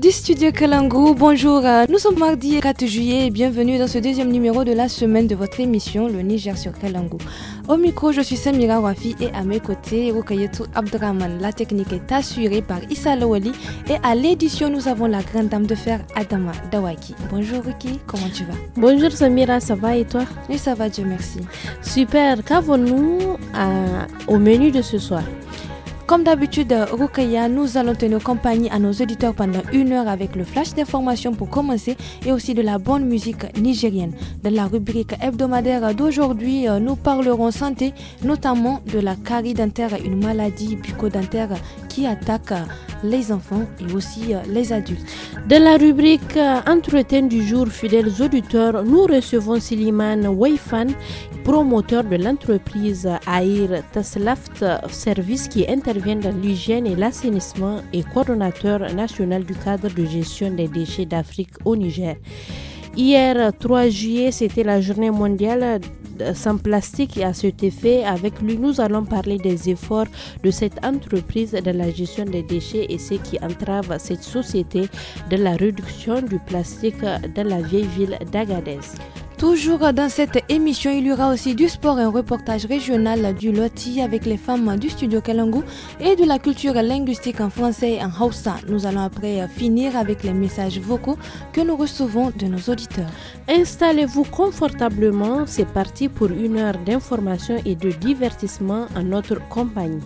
du studio Kalangu, bonjour. Nous sommes mardi 4 juillet et bienvenue dans ce deuxième numéro de la semaine de votre émission Le Niger sur Kalangu. Au micro, je suis Samira Wafi et à mes côtés, Rukayetu Abdraman. La technique est assurée par Issa Lawali et à l'édition, nous avons la grande dame de fer Adama Dawaki. Bonjour Ruki, comment tu vas Bonjour Samira, ça va et toi Oui, ça va, Dieu merci. Super, qu'avons-nous euh, au menu de ce soir comme d'habitude, Rukaya, nous allons tenir compagnie à nos auditeurs pendant une heure avec le flash d'informations pour commencer et aussi de la bonne musique nigérienne. Dans la rubrique hebdomadaire d'aujourd'hui, euh, nous parlerons santé, notamment de la carie dentaire, une maladie bucco-dentaire qui attaque euh, les enfants et aussi euh, les adultes. Dans la rubrique Entretien du jour, fidèles auditeurs, nous recevons Siliman Weifan promoteur de l'entreprise Air Taslaft Service qui intervient dans l'hygiène et l'assainissement et coordonnateur national du cadre de gestion des déchets d'Afrique au Niger. Hier 3 juillet, c'était la journée mondiale sans plastique et à cet effet, avec lui, nous allons parler des efforts de cette entreprise dans la gestion des déchets et ce qui entrave cette société de la réduction du plastique dans la vieille ville d'Agadez. Toujours dans cette émission, il y aura aussi du sport et un reportage régional du loti avec les femmes du studio Kalangu et de la culture linguistique en français et en Hausa. Nous allons après finir avec les messages vocaux que nous recevons de nos auditeurs. Installez-vous confortablement, c'est parti pour une heure d'information et de divertissement en notre compagnie.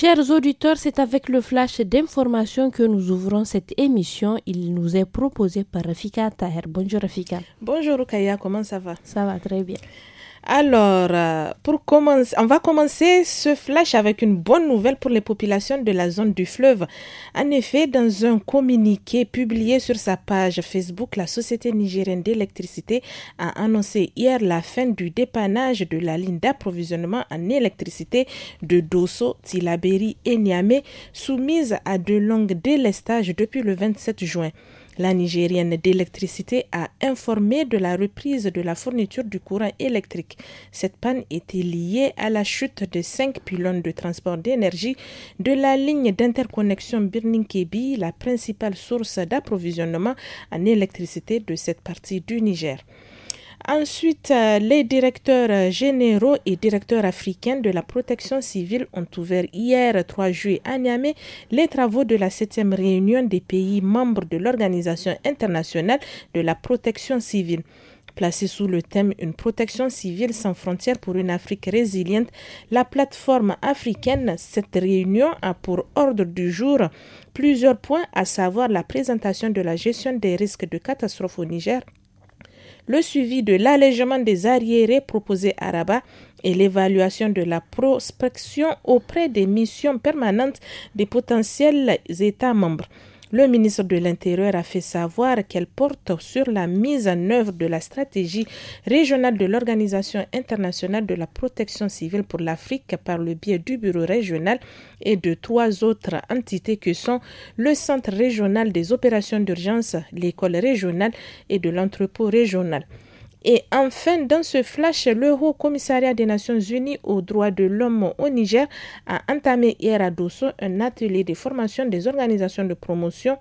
Chers auditeurs, c'est avec le flash d'information que nous ouvrons cette émission. Il nous est proposé par Rafika Taher. Bonjour Rafika. Bonjour Rukaya, comment ça va Ça va très bien. Alors, euh, pour on va commencer ce flash avec une bonne nouvelle pour les populations de la zone du fleuve. En effet, dans un communiqué publié sur sa page Facebook, la Société nigérienne d'électricité a annoncé hier la fin du dépannage de la ligne d'approvisionnement en électricité de Dosso, Tilaberi et Niamey, soumise à de longues délestages depuis le 27 juin. La Nigérienne d'électricité a informé de la reprise de la fourniture du courant électrique. Cette panne était liée à la chute de cinq pylônes de transport d'énergie de la ligne d'interconnexion Birninkebi, la principale source d'approvisionnement en électricité de cette partie du Niger. Ensuite, euh, les directeurs euh, généraux et directeurs africains de la protection civile ont ouvert hier 3 juillet à Niamey les travaux de la septième réunion des pays membres de l'Organisation internationale de la protection civile. Placée sous le thème Une protection civile sans frontières pour une Afrique résiliente, la plateforme africaine, cette réunion a pour ordre du jour plusieurs points, à savoir la présentation de la gestion des risques de catastrophe au Niger, le suivi de l'allègement des arriérés proposés à Rabat et l'évaluation de la prospection auprès des missions permanentes des potentiels États membres. Le ministre de l'Intérieur a fait savoir qu'elle porte sur la mise en œuvre de la stratégie régionale de l'Organisation internationale de la protection civile pour l'Afrique par le biais du bureau régional et de trois autres entités que sont le Centre régional des opérations d'urgence, l'école régionale et de l'entrepôt régional. Et enfin, dans ce flash, le Haut Commissariat des Nations Unies aux droits de l'homme au Niger a entamé hier à Dosso un atelier de formation des organisations de promotion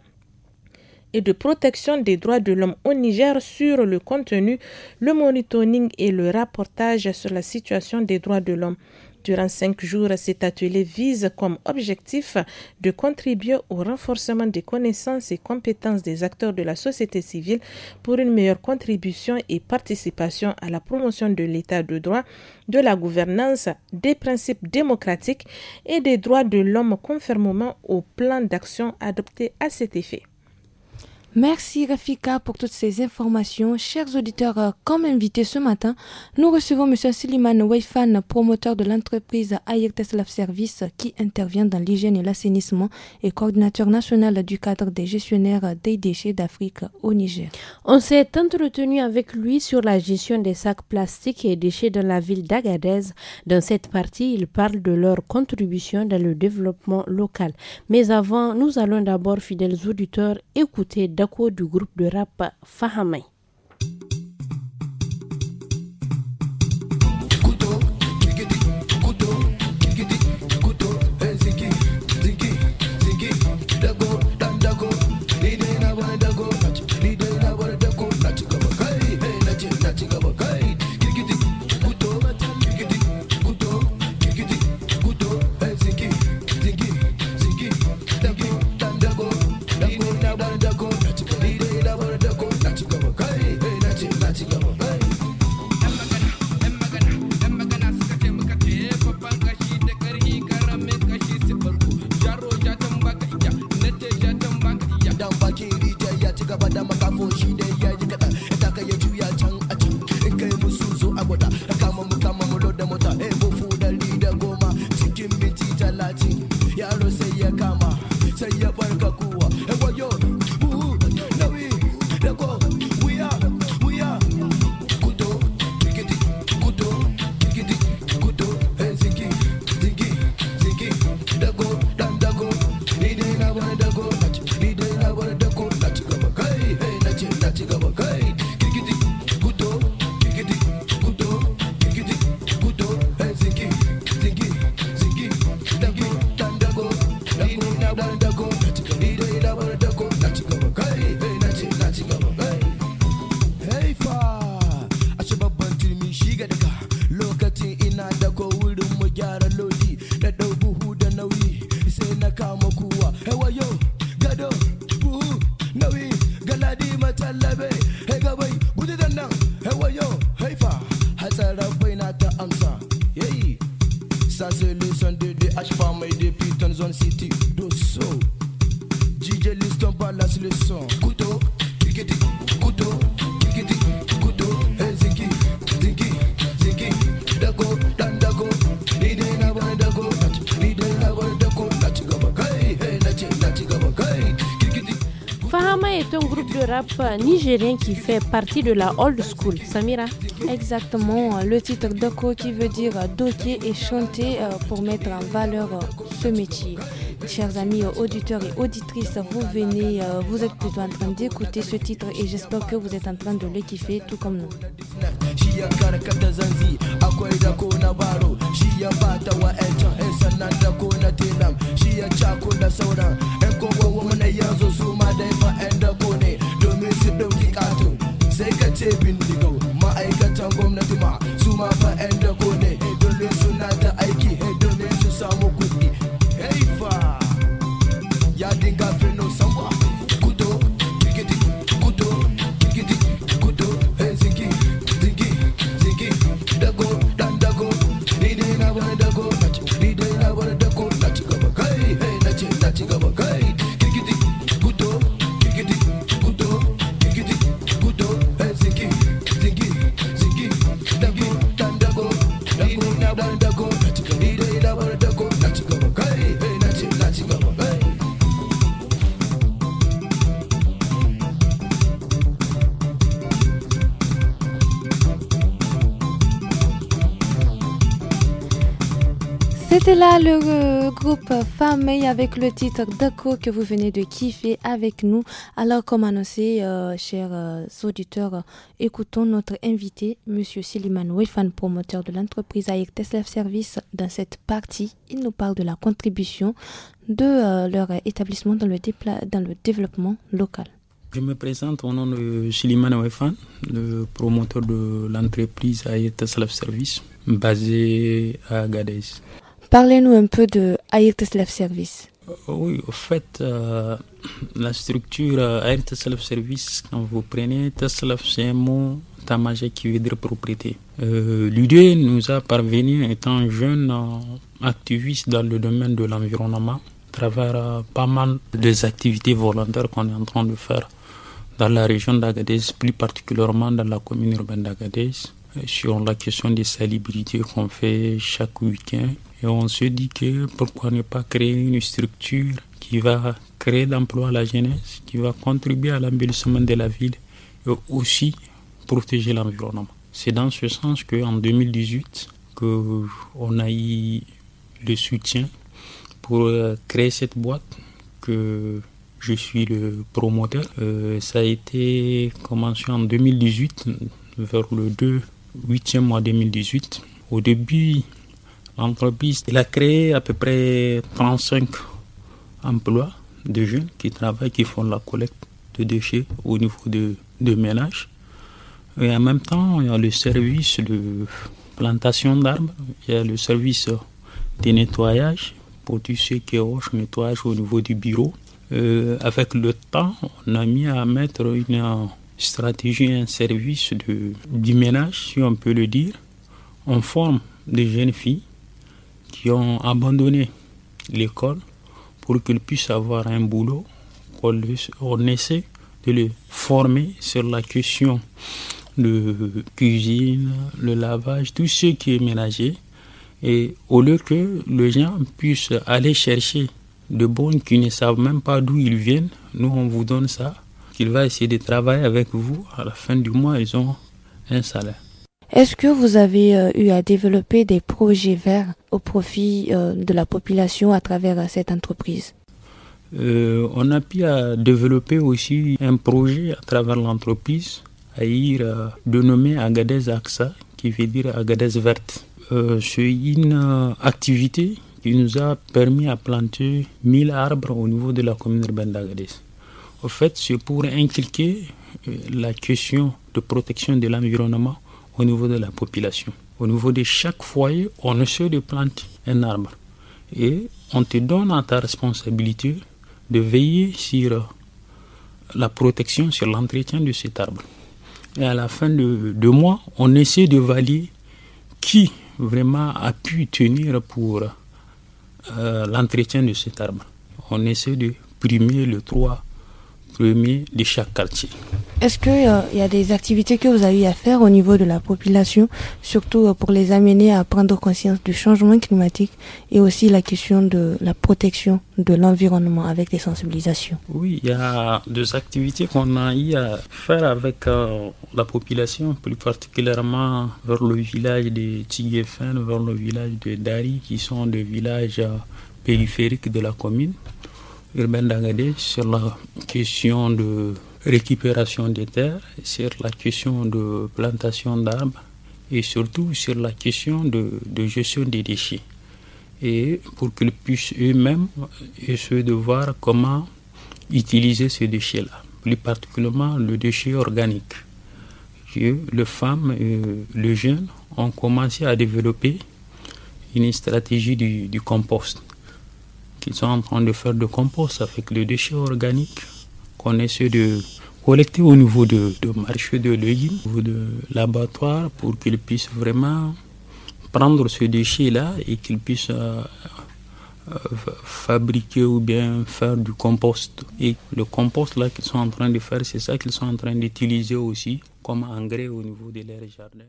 et de protection des droits de l'homme au Niger sur le contenu, le monitoring et le rapportage sur la situation des droits de l'homme durant cinq jours, cet atelier vise comme objectif de contribuer au renforcement des connaissances et compétences des acteurs de la société civile pour une meilleure contribution et participation à la promotion de l'état de droit, de la gouvernance, des principes démocratiques et des droits de l'homme conformément au plan d'action adopté à cet effet. Merci Rafika pour toutes ces informations. Chers auditeurs, euh, comme invité ce matin, nous recevons M. Siliman Waifan, promoteur de l'entreprise Ayerteslav Service qui intervient dans l'hygiène et l'assainissement et coordinateur national du cadre des gestionnaires des déchets d'Afrique au Niger. On s'est entretenu avec lui sur la gestion des sacs plastiques et déchets dans la ville d'Agadez. Dans cette partie, il parle de leur contribution dans le développement local. Mais avant, nous allons d'abord, fidèles auditeurs, écouter d'accord du groupe de rap Fahamai qui fait partie de la old school, Samira. Exactement, le titre Doko qui veut dire doquer et chanter euh, pour mettre en valeur euh, ce métier. Chers amis euh, auditeurs et auditrices, vous venez, vous êtes plutôt en train d'écouter ce titre et j'espère que vous êtes en train de le kiffer tout comme nous. domin su ɗauki katon sai ka ce bindigau ma'aikatan gwamnati ma ah. su ma fa 'yan da ne domin suna da aiki domin su samu kuɗi hey fa ya dinga fino sanwa C'est là le euh, groupe Famille avec le titre Dako que vous venez de kiffer avec nous. Alors, comme annoncé, euh, chers euh, auditeurs, écoutons notre invité, Monsieur Siliman Wefan, promoteur de l'entreprise AIC Service. Dans cette partie, il nous parle de la contribution de leur établissement dans le, développement local. Je me présente au nom de Siliman Wefan, le promoteur de l'entreprise AIT Service, basé à Gadez. Parlez-nous un peu de air Self Service. Euh, oui, au fait, euh, la structure euh, AIRT Self Service, quand vous prenez TESLAF, c'est un mot tamagé qui veut propriété. Euh, nous a parvenu étant jeune activiste dans le domaine de l'environnement, à travers pas mal des activités volontaires qu'on est en train de faire dans la région d'Agadez, plus particulièrement dans la commune urbaine d'Agadez, sur la question des salubrités qu'on fait chaque week-end et on se dit que pourquoi ne pas créer une structure qui va créer d'emplois à la jeunesse, qui va contribuer à l'embellissement de la ville et aussi protéger l'environnement. C'est dans ce sens que en 2018, que on a eu le soutien pour euh, créer cette boîte que je suis le promoteur. Euh, ça a été commencé en 2018, vers le 2, 8e mois 2018. Au début, L'entreprise, il a créé à peu près 35 emplois de jeunes qui travaillent, qui font la collecte de déchets au niveau de, ménage. Et en même temps, il y a le service de plantation d'arbres, il y a le service de nettoyage pour tous ceux qui est nettoyage au niveau du bureau. Euh, avec le temps, on a mis à mettre une stratégie, un service de, du ménage, si on peut le dire. en forme des jeunes filles qui ont abandonné l'école pour qu'ils puissent avoir un boulot, on essaie de les former sur la question de cuisine, le lavage, tout ce qui est ménager. Et au lieu que les gens puissent aller chercher de bonnes qui ne savent même pas d'où ils viennent, nous on vous donne ça, qu'il va essayer de travailler avec vous. À la fin du mois, ils ont un salaire. Est-ce que vous avez euh, eu à développer des projets verts au profit euh, de la population à travers euh, cette entreprise On a pu développer aussi un projet à travers l'entreprise, à de nommer Agadez AXA, qui veut dire Agadez verte. C'est une activité qui nous a permis à planter 1000 arbres au niveau de la commune urbaine d'Agadez. Au fait, c'est pour inculquer la question de protection de l'environnement au niveau de la population. Au niveau de chaque foyer, on essaie de planter un arbre. Et on te donne à ta responsabilité de veiller sur la protection, sur l'entretien de cet arbre. Et à la fin de, de mois, on essaie de valider qui vraiment a pu tenir pour euh, l'entretien de cet arbre. On essaie de primer le 3 premier de chaque quartier. Est-ce qu'il euh, y a des activités que vous avez à faire au niveau de la population, surtout euh, pour les amener à prendre conscience du changement climatique et aussi la question de la protection de l'environnement avec des sensibilisations Oui, il y a des activités qu'on a eu à faire avec euh, la population, plus particulièrement vers le village de Tiguefen, vers le village de Dari, qui sont des villages périphériques de la commune. Urbain Dagadé sur la question de récupération des terres, sur la question de plantation d'arbres et surtout sur la question de, gestion des déchets. Et pour qu'ils puissent eux-mêmes essayer de voir comment utiliser ces déchets-là, plus particulièrement le déchet organique. les femmes et les jeunes ont commencé à développer une stratégie du compost ils sont en train de faire du compost avec le déchet organique qu'on essaie de collecter au niveau de, marché de légumes, au niveau de l'abattoir, pour qu'ils puissent vraiment prendre ce déchet-là et qu'ils puissent euh, euh, fabriquer ou bien faire du compost. Et le compost là qu'ils sont en train de faire, c'est ça qu'ils sont en train d'utiliser aussi comme engrais au niveau de et jardin.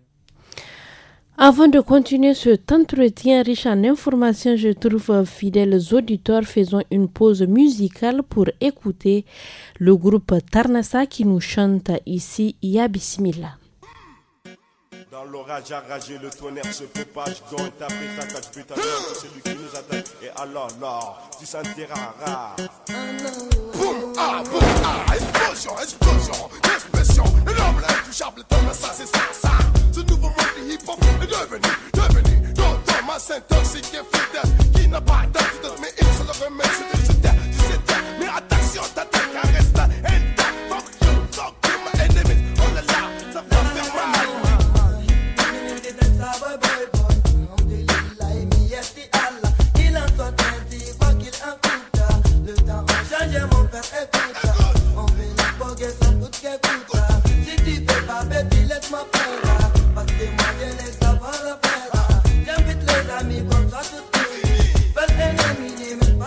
Avant de continuer cet entretien riche en informations, je trouve fidèles auditeurs faisant une pause musicale pour écouter le groupe Tarnasa qui nous chante ici Ya dans l'orage arragé, le tonnerre se propage. dont ta sa cache but à l'heure celui qui nous attaque. Et alors, là, tu sentiras rare. Boum, ah, boum, ah, explosion, explosion, expression. L'énorme, l'intouchable, tonnerre, ça, c'est ça, ça. Ce nouveau monde du hip-hop est devenu, devenu. ton, ma Toxique et fidèle. Qui n'a pas d'attitude, mais il se le remet. C'est de se taire, tu sais taire. Mais attention, ta reste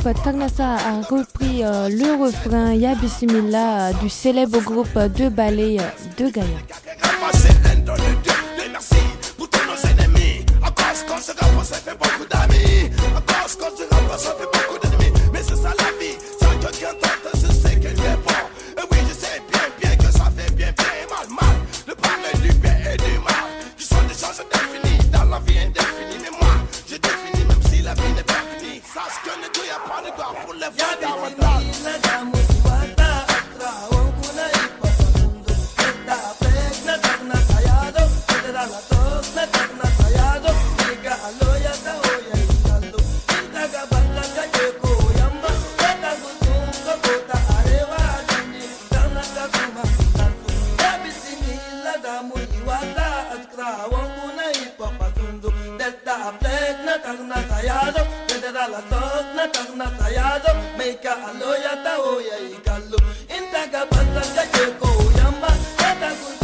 groupe a repris euh, le refrain Ya euh, du célèbre groupe de ballet euh, de Gaïa. está wakuna i papa sundu desta plek na tagna sayado dedera la sok na tagna sayado meika aloya ta oya i kallu inta ga panta yamba eta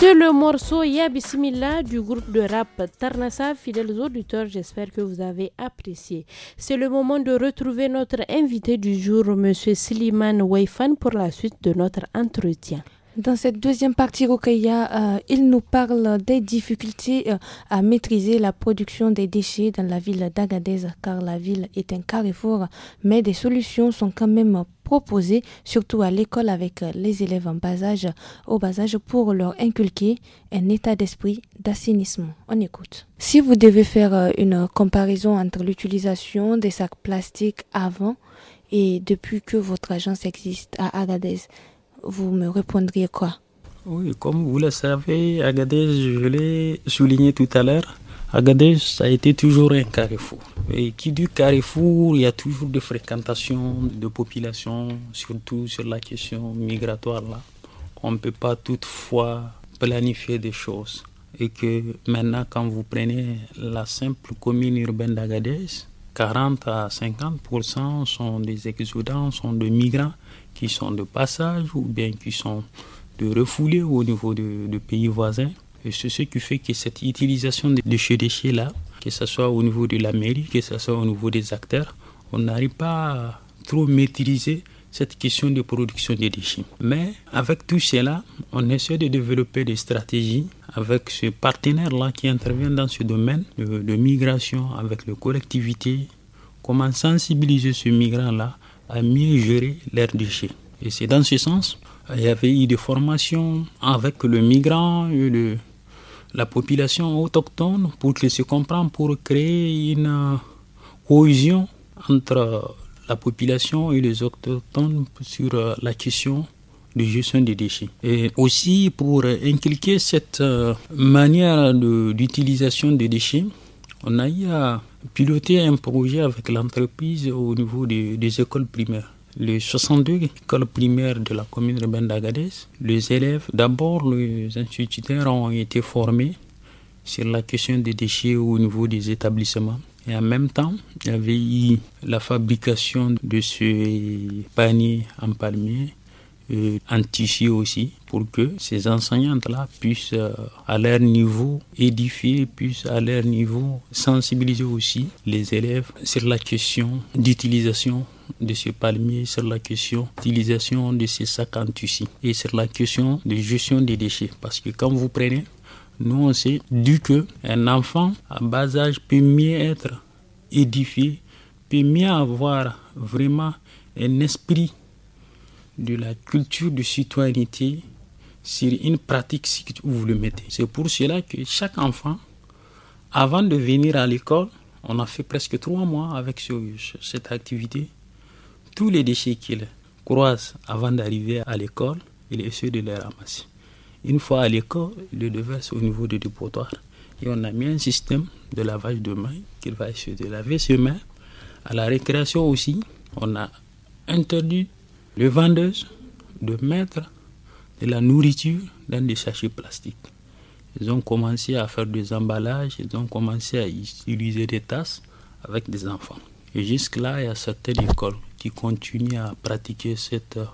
C'est le morceau Ya Bismillah du groupe de rap Tarnassa. Fidèles auditeurs, j'espère que vous avez apprécié. C'est le moment de retrouver notre invité du jour, Monsieur Sliman Weifan, pour la suite de notre entretien. Dans cette deuxième partie, Rokaya, euh, il nous parle des difficultés euh, à maîtriser la production des déchets dans la ville d'Agadez, car la ville est un carrefour, mais des solutions sont quand même proposées, surtout à l'école avec les élèves en bas au bas âge, pour leur inculquer un état d'esprit d'assainissement. On écoute. Si vous devez faire euh, une comparaison entre l'utilisation des sacs plastiques avant et depuis que votre agence existe à Agadez, vous me répondriez quoi Oui, comme vous le savez, Agadez, je l'ai souligné tout à l'heure, Agadez, ça a été toujours un carrefour. Et qui dit carrefour, il y a toujours des fréquentations de populations, surtout sur la question migratoire. Là. On ne peut pas toutefois planifier des choses. Et que maintenant, quand vous prenez la simple commune urbaine d'Agadez, 40 à 50% sont des exodants, sont des migrants qui sont de passage ou bien qui sont de refoulés au niveau de, pays voisins. Et c'est ce qui fait que cette utilisation de ces déchets-là, que ce soit au niveau de la mairie, que ce soit au niveau des acteurs, on n'arrive pas à trop maîtriser cette question de production des déchets. Mais avec tout cela, on essaie de développer des stratégies avec ce partenaire-là qui intervient dans ce domaine de, migration, avec les collectivités, comment sensibiliser ce migrant-là à mieux gérer leurs déchets. Et c'est dans ce sens, il y avait eu des formations avec le migrant, et le, la population autochtone, pour qu'ils se comprennent, pour créer une euh, cohésion entre la population et les autochtones sur euh, la question de gestion des déchets. Et aussi pour euh, inculquer cette euh, manière d'utilisation des déchets, on a eu à piloter un projet avec l'entreprise au niveau des, écoles primaires les 62 écoles primaires de la commune de Bendagades, les élèves, d'abord les instituteurs ont été formés sur la question des déchets au niveau des établissements. Et en même temps, il y avait eu la fabrication de ce panier en palmier euh, en tissu aussi, pour que ces enseignantes-là puissent, euh, à leur niveau, édifier, puissent, à leur niveau, sensibiliser aussi les élèves sur la question d'utilisation de ce palmier, sur la question d'utilisation de ces sacs en tissu et sur la question de gestion des déchets. Parce que quand vous prenez nous, on sait que qu'un enfant à bas âge peut mieux être édifié, peut mieux avoir vraiment un esprit de la culture de citoyenneté sur une pratique où vous le mettez. C'est pour cela que chaque enfant, avant de venir à l'école, on a fait presque trois mois avec cette activité. Tous les déchets qu'il croise avant d'arriver à l'école, il essaie de les ramasser. Une fois à l'école, le déverse au niveau du dépotoir. Et on a mis un système de lavage de mains qu'il va essayer de laver ses mains. À la récréation aussi, on a interdit les vendeuses de mettre de la nourriture dans des sachets plastiques. Ils ont commencé à faire des emballages, ils ont commencé à utiliser des tasses avec des enfants. Et jusque-là, il y a certaines écoles qui continuent à pratiquer cette euh,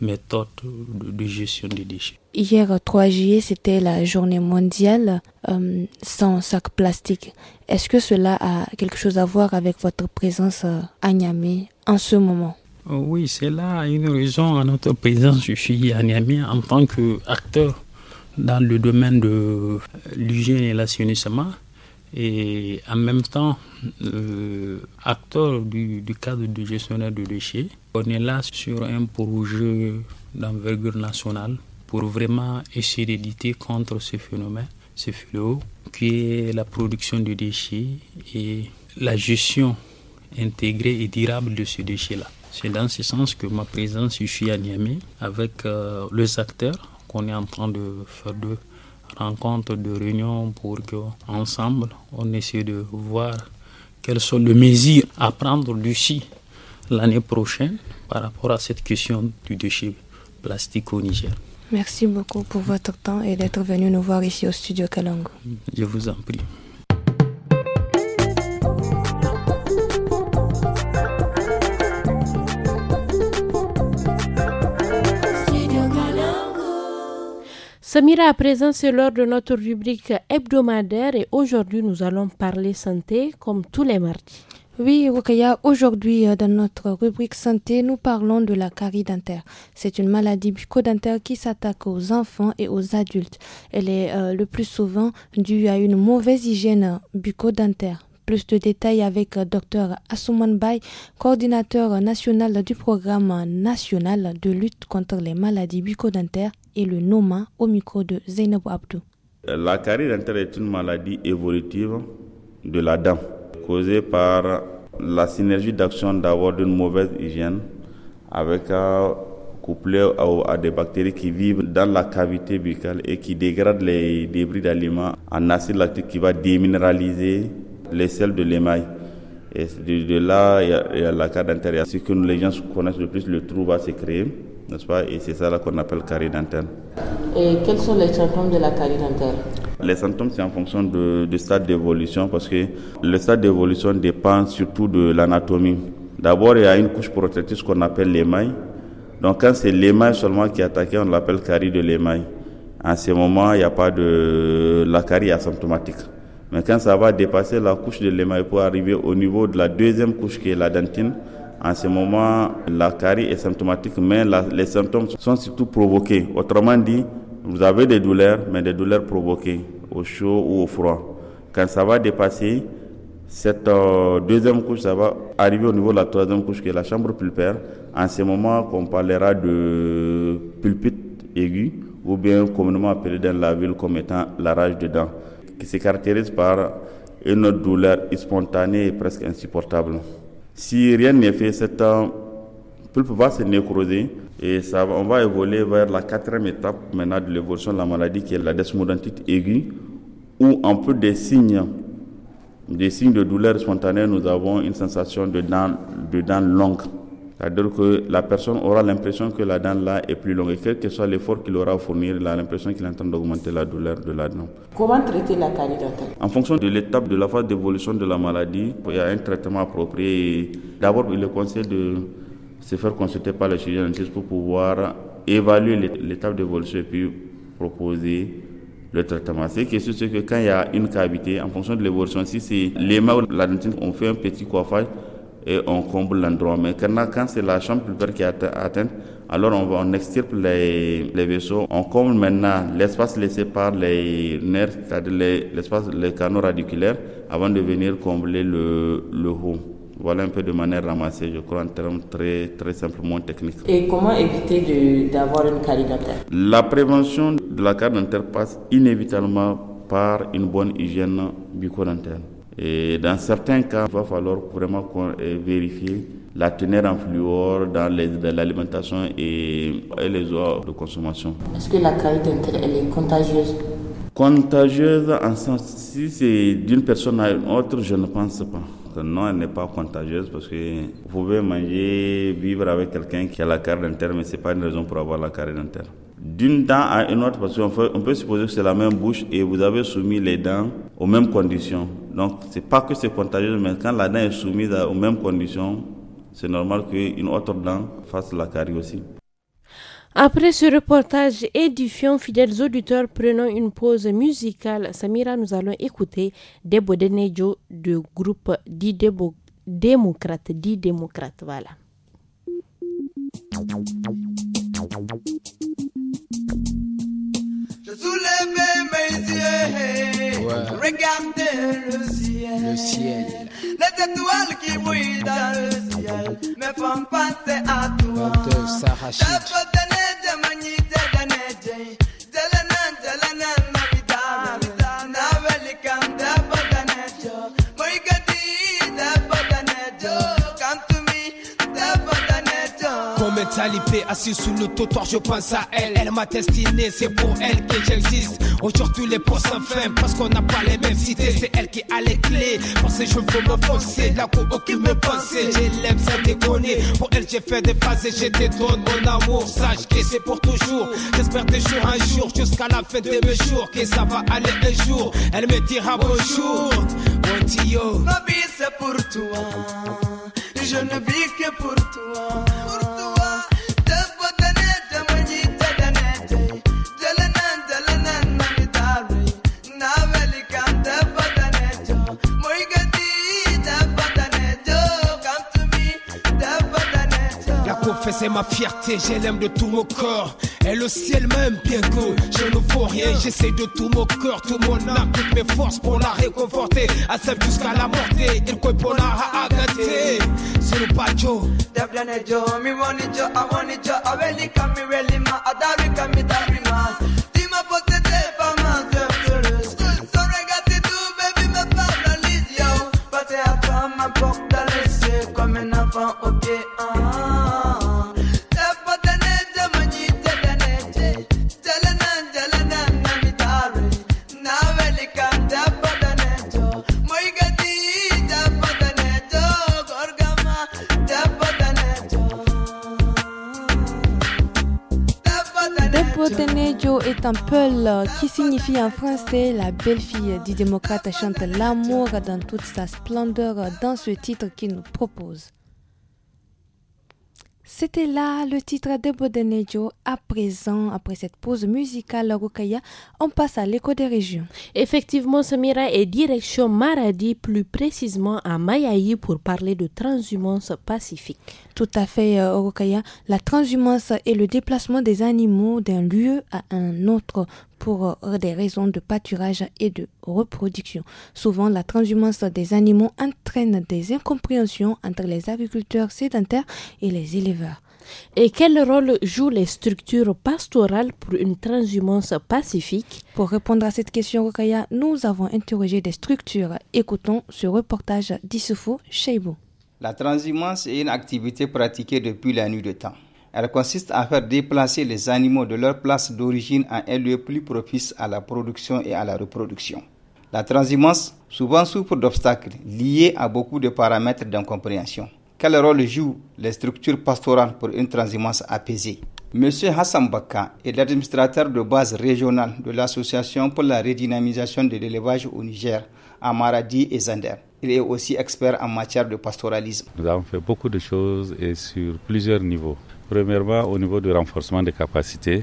méthode de, gestion des déchets. Hier, 3 juillet, c'était la journée mondiale euh, sans sac plastique. Est-ce que cela a quelque chose à voir avec votre présence euh, à Niamey en ce moment euh, Oui, c'est là une raison à notre présence. Je suis à Niamey en tant qu'acteur dans le domaine de l'hygiène et l'assainissement et en même temps euh, acteur du, cadre du gestionnaire de déchets. On est là sur un projet d'envergure nationale pour vraiment essayer d'éditer contre ce phénomène, ce fléau, qui est la production de déchets et la gestion intégrée et durable de ces déchets là C'est dans ce sens que ma présence ici à Niamey avec euh, les acteurs qu'on est en train de faire deux rencontres, de réunion pour ensemble on essaie de voir quelles sont les mesures à prendre d'ici l'année prochaine par rapport à cette question du déchet plastique au Niger. Merci beaucoup pour votre temps et d'être venu nous voir ici au studio Kalango. Je vous en prie. Samira, à présent, c'est l'heure de notre rubrique hebdomadaire et aujourd'hui, nous allons parler santé comme tous les mardis. Oui, Rukaya, aujourd'hui, euh, dans notre rubrique santé, nous parlons de la carie dentaire. C'est une maladie bucco-dentaire qui s'attaque aux enfants et aux adultes. Elle est euh, le plus souvent due à une mauvaise hygiène bucco-dentaire. Plus de détails avec euh, Dr Asuman Bay, coordinateur national du programme national de lutte contre les maladies bucco et le NOMA au micro de Zainab Abdou. Euh, la carie dentaire est une maladie évolutive de la dent causée par la synergie d'action d'avoir une mauvaise hygiène avec un euh, à, à, des bactéries qui vivent dans la cavité buccale et qui dégradent les débris d'aliments en acide lactique qui va déminéraliser les selles de l'émail. Et de là, il y, a, la carie dentaire. Ce que les gens connaissent le plus, le trou va se créer, n'est-ce pas Et c'est ça qu'on appelle carie dentaire. Et quels sont les symptômes de la carie dentaire Les symptômes, c'est en fonction du de, de, stade d'évolution, parce que le stade d'évolution dépend surtout de l'anatomie. D'abord, il y a une couche protectrice qu'on appelle l'émail. Donc, quand c'est l'émail seulement qui est attaqué, on l'appelle carie de l'émail. En ce moment, il n'y a pas de... La carie asymptomatique. Mais quand ça va dépasser la couche de l'émail pour arriver au niveau de la deuxième couche qui est la dentine, en ce moment, la carie est symptomatique, mais les symptômes sont surtout provoqués. Autrement dit, vous avez des douleurs, mais des douleurs provoquées au chaud ou au froid. Quand ça va dépasser cette euh, deuxième couche, ça va arriver au niveau de la troisième couche qui est la chambre pulpaire. En ce moment, on parlera de pulpite aiguë ou bien communément appelée dans la ville comme étant la rage de dents qui se caractérise par une douleur spontanée et presque insupportable. Si rien n'est fait, cette pulpe va se nécroser et ça, on va évoluer vers la quatrième étape maintenant de l'évolution de la maladie qui est la desmodontite aiguë où en peut des signes des signes de douleur spontanée, nous avons une sensation de de dents longues c'est-à-dire que la personne aura l'impression que la dent là est plus longue et quel que soit l'effort qu'il aura à fournir, il a l'impression qu'il est en train d'augmenter la douleur de la dent. Comment traiter la carie dentaire En fonction de l'étape de la phase d'évolution de la maladie, il y a un traitement approprié. D'abord, il est conseillé de se faire consulter par le chirurgien dentiste pour pouvoir évaluer l'étape d'évolution et puis proposer le traitement. C'est que que quand il y a une cavité, en fonction de l'évolution, si c'est les mains ou la dentine, on fait un petit coiffage et on comble l'endroit. Mais quand, quand c'est la chambre pulpaire qui est atteinte, alors on, va, on extirpe les, les, vaisseaux, on comble maintenant l'espace laissé par les nerfs, c'est-à-dire l'espace, les, canaux radiculaires, avant de venir combler le, le haut. Voilà un peu de manière ramassée, je crois, en termes très, très simplement techniques. Et comment éviter d'avoir une carie dentaire La prévention de la carie dentaire passe inévitablement par une bonne hygiène bucco-dentaire. Et dans certains cas, il va falloir vraiment vérifier la teneur en fluor dans l'alimentation et, les eaux de consommation. Est-ce que la carie dentaire est contagieuse Contagieuse en sens, si c'est d'une personne à une autre, je ne pense pas non, elle n'est pas contagieuse parce que vous pouvez manger, vivre avec quelqu'un qui a la carie dentaire, mais ce n'est pas une raison pour avoir la carie dentaire d'une dent à une autre, parce qu'on peut, on peut supposer que c'est la même bouche et vous avez soumis les dents aux mêmes conditions. Donc, c'est pas que c'est contagieux, mais quand la dent est soumise aux mêmes conditions, c'est normal qu'une autre dent fasse la carie aussi. Après ce reportage édifiant, fidèles auditeurs, prenons une pause musicale. Samira, nous allons écouter Des Denejo du groupe Dit Démocrate, Dit Démocrate. Voilà. regardez, le ciel. le ciel. Les étoiles qui brillent dans le ciel me ah font penser à toi. Ah Salipé assis sous le trottoir, je pense à elle. Elle m'a destiné, c'est pour elle que j'existe. Aujourd'hui, les pots s'enferment, parce qu'on n'a pas les mêmes cités, C'est elle qui a les clés. que je veux m'enfoncer, La coupe aucune me pensée. j'élève l'aime ça Pour elle, j'ai fait des phases et j'ai des Mon amour, sache que c'est pour toujours. J'espère des jours, un jour, jusqu'à la fin de mes jours, que ça va aller un jour. Elle me dira bonjour, mon tio. Ma vie, c'est pour toi. Je ne vis que pour toi. C'est ma fierté, j'ai l'aime de tout mon corps. Et le ciel même, bien que je ne veux rien, j'essaie de tout mon corps, tout mon âme, toutes mes forces pour la réconforter. À jusqu'à la mort, il la agate. C'est le pacho. Deblane Joe, mi woni jo, awoni jo, mi kami, a adari kami, darima. Euh, qui signifie en français la belle-fille du démocrate, chante l'amour dans toute sa splendeur euh, dans ce titre qu'il nous propose. C'était là le titre de Bodenejo. À présent, après cette pause musicale, Rukaya, on passe à l'écho des régions. Effectivement, Samira est direction Maradi, plus précisément à Mayaï, pour parler de transhumance pacifique. Tout à fait, euh, Rukaya. La transhumance est le déplacement des animaux d'un lieu à un autre pour euh, des raisons de pâturage et de reproduction. Souvent, la transhumance des animaux entraîne des incompréhensions entre les agriculteurs sédentaires et les éleveurs. Et quel rôle jouent les structures pastorales pour une transhumance pacifique Pour répondre à cette question, Rokaya, nous avons interrogé des structures. Écoutons ce reportage d'Issoufou Cheibou. La transhumance est une activité pratiquée depuis la nuit de temps. Elle consiste à faire déplacer les animaux de leur place d'origine à un lieu plus propice à la production et à la reproduction. La transhumance souvent souffre d'obstacles liés à beaucoup de paramètres d'incompréhension. Quel rôle jouent les structures pastorales pour une transhumance apaisée Monsieur Hassan Bakka est l'administrateur de base régionale de l'Association pour la redynamisation de l'élevage au Niger, à Maradi et Zander. Il est aussi expert en matière de pastoralisme. Nous avons fait beaucoup de choses et sur plusieurs niveaux. Premièrement, au niveau du renforcement des capacités,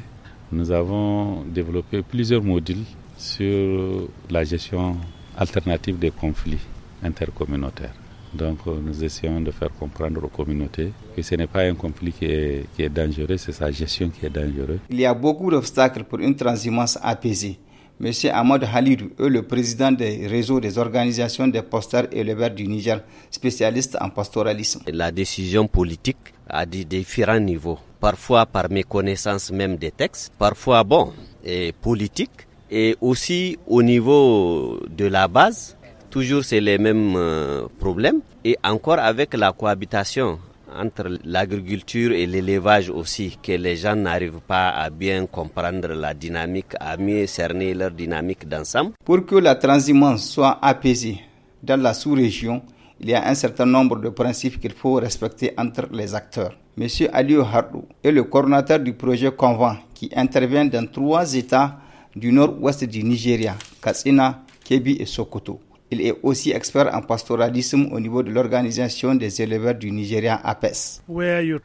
nous avons développé plusieurs modules sur la gestion alternative des conflits intercommunautaires. Donc euh, nous essayons de faire comprendre aux communautés que ce n'est pas un conflit qui est, dangereux, c'est sa gestion qui est dangereuse. Il y a beaucoup d'obstacles pour une transhumance apaisée. Monsieur Ahmad Halidou le président des réseaux des organisations des pasteurs éleveurs du Niger, spécialiste en pastoralisme. La décision politique a des différents niveaux, parfois par méconnaissance même des textes, parfois, bon, et politique, et aussi au niveau de la base, toujours c'est les mêmes euh, problèmes, et encore avec la cohabitation entre l'agriculture et l'élevage aussi, que les gens n'arrivent pas à bien comprendre la dynamique, à mieux cerner leur dynamique d'ensemble. Pour que la transhumance soit apaisée dans la sous-région, il y a un certain nombre de principes qu'il faut respecter entre les acteurs. Monsieur Aliou Hardou est le coordonnateur du projet Convent qui intervient dans trois États du nord-ouest du Nigeria, Katsina, Kebi et Sokoto. Il est aussi expert en pastoralisme au niveau de l'organisation des éleveurs du Nigeria APES. E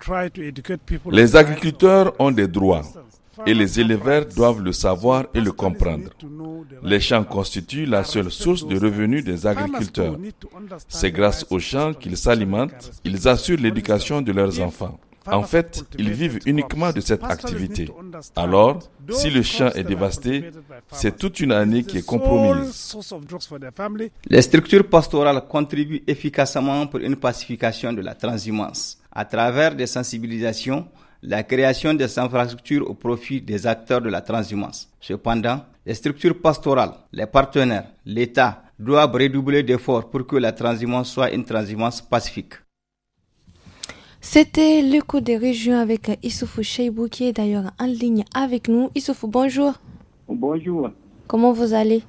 Les agriculteurs ont des droits et les éleveurs doivent le savoir et le comprendre. Les champs constituent la seule source de revenus des agriculteurs. C'est grâce aux champs qu'ils s'alimentent, ils assurent l'éducation de leurs enfants. En fait, ils vivent uniquement de cette activité. Alors, si le champ est dévasté, c'est toute une année qui est compromise. Les structures pastorales contribuent efficacement pour une pacification de la transhumance à travers des sensibilisations la création des infrastructures au profit des acteurs de la transhumance. Cependant, les structures pastorales, les partenaires, l'État doivent redoubler d'efforts pour que la transhumance soit une transhumance pacifique. C'était le coup des régions avec Issoufou Cheibou qui est d'ailleurs en ligne avec nous. Issoufou, bonjour. Bonjour. Comment vous allez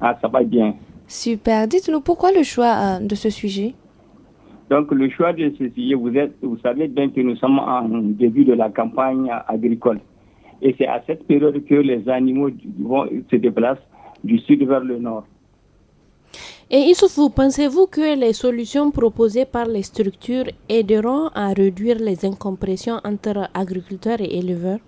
Ah, ça va bien. Super. Dites-nous pourquoi le choix euh, de ce sujet donc le choix de ceci, vous, êtes, vous savez bien que nous sommes en début de la campagne agricole. Et c'est à cette période que les animaux vont, se déplacent du sud vers le nord. Et Issoufou, pensez-vous que les solutions proposées par les structures aideront à réduire les incompressions entre agriculteurs et éleveurs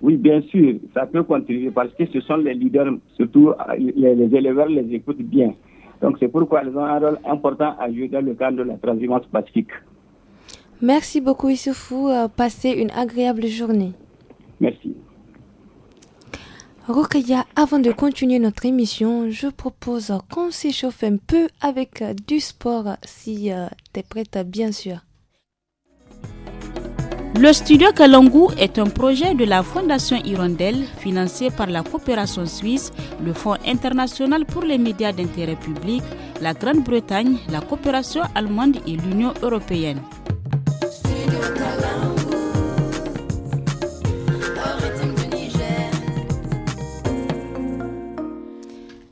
Oui, bien sûr, ça peut contribuer parce que ce sont les leaders, surtout les éleveurs les écoutent bien. Donc c'est pourquoi elles ont un rôle important à jouer dans le cadre de la transhumance pacifique. Merci beaucoup Issoufou, euh, passez une agréable journée. Merci. Rokaya, avant de continuer notre émission, je propose qu'on s'échauffe un peu avec euh, du sport si euh, tu es prête bien sûr. Le studio Kalangu est un projet de la Fondation Hirondelle financé par la coopération suisse, le Fonds international pour les médias d'intérêt public, la Grande-Bretagne, la coopération allemande et l'Union européenne.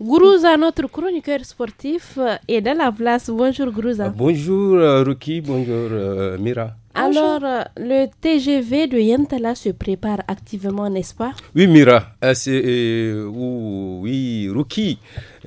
Gourouza, notre chroniqueur sportif, euh, est dans la place. Bonjour Gourouza. Bonjour euh, Ruki, bonjour euh, Mira. Alors, euh, le TGV de Yentala se prépare activement, n'est-ce pas Oui, Mira. Euh, euh, oui, Rookie.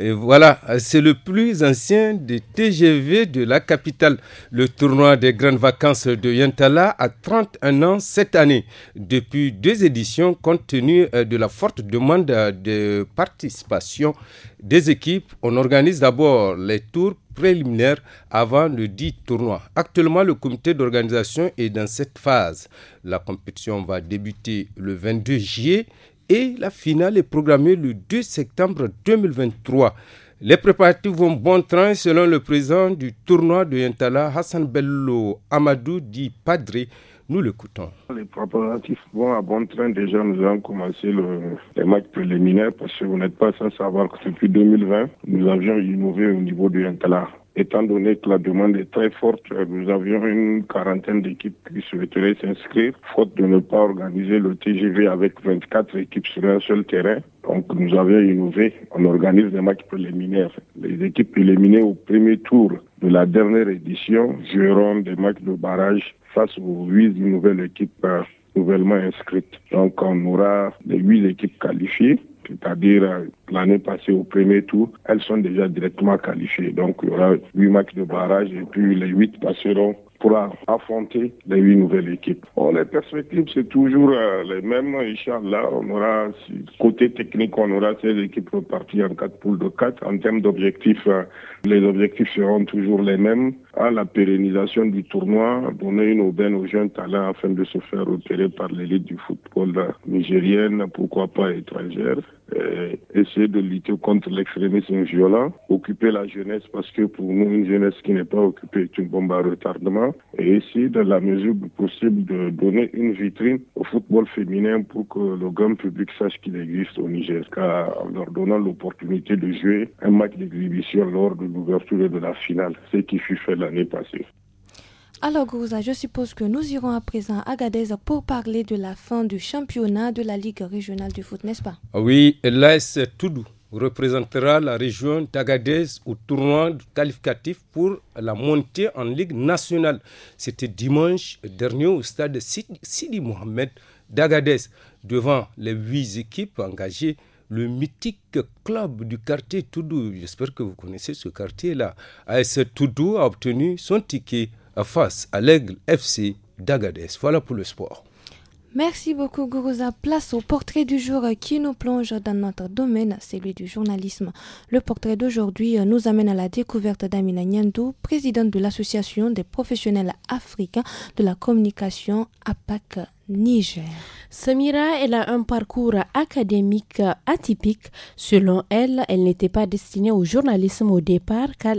Et voilà, c'est le plus ancien des TGV de la capitale. Le tournoi des grandes vacances de Yantala a 31 ans cette année, depuis deux éditions, compte tenu euh, de la forte demande euh, de participation des équipes. On organise d'abord les tours préliminaires avant le dit tournoi. Actuellement, le comité d'organisation est dans cette phase. La compétition va débuter le 22 juillet et la finale est programmée le 2 septembre 2023. Les préparatifs vont bon train selon le président du tournoi de Yentala, Hassan Bello Amadou dit Padre. Nous l'écoutons. Les préparatifs vont à bon train. Déjà, nous avons commencé les matchs préliminaires parce que vous n'êtes pas sans savoir que depuis 2020, nous avions innové au niveau de Yentala étant donné que la demande est très forte, euh, nous avions une quarantaine d'équipes qui souhaiteraient s'inscrire, faute de ne pas organiser le TGV avec 24 équipes sur un seul terrain. Donc nous avions innové, on organise des matchs préliminaires. Les équipes éliminées au premier tour de la dernière édition joueront des matchs de barrage face aux huit nouvelles équipes euh, nouvellement inscrites. Donc on aura les huit équipes qualifiées c'est-à-dire euh, l'année passée au premier tour, elles sont déjà directement qualifiées. Donc il y aura huit matchs de barrage et puis les huit passeront pour affronter les huit nouvelles équipes. les perspectives, c'est toujours euh, les mêmes. Inch'Allah, on aura, côté technique, on aura ces équipes reparties en quatre poules de quatre. En termes d'objectifs, euh, les objectifs seront toujours les mêmes. À la pérennisation du tournoi, donner une aubaine aux jeunes talents afin de se faire repérer par l'élite du football nigérienne, pourquoi pas étrangère. Euh, essayer de lutter contre l'extrémisme violent, occuper la jeunesse parce que pour nous, une jeunesse qui n'est pas occupée est une bombe à retardement et essayer dans la mesure possible de donner une vitrine au football féminin pour que le grand public sache qu'il existe au Niger, en leur donnant l'opportunité de jouer un match d'exhibition lors de l'ouverture de la finale, ce qui fut fait l'année passée. Alors Gouza, je suppose que nous irons à présent à Agadez pour parler de la fin du championnat de la Ligue régionale du foot, n'est-ce pas ah Oui, l'AS Toudou représentera la région d'Agadez au tournoi qualificatif pour la montée en Ligue nationale. C'était dimanche dernier au stade Sidi Mohamed d'Agadez. Devant les huit équipes engagées, le mythique club du quartier Toudou, j'espère que vous connaissez ce quartier-là, AS Toudou a obtenu son ticket face à l'Aigle FC d'Agadez. Voilà pour le sport. Merci beaucoup Gourouza. Place au portrait du jour qui nous plonge dans notre domaine, celui du journalisme. Le portrait d'aujourd'hui nous amène à la découverte d'Amina Nyandou, présidente de l'Association des professionnels africains de la communication APAC Niger. Samira, elle a un parcours académique atypique. Selon elle, elle n'était pas destinée au journalisme au départ car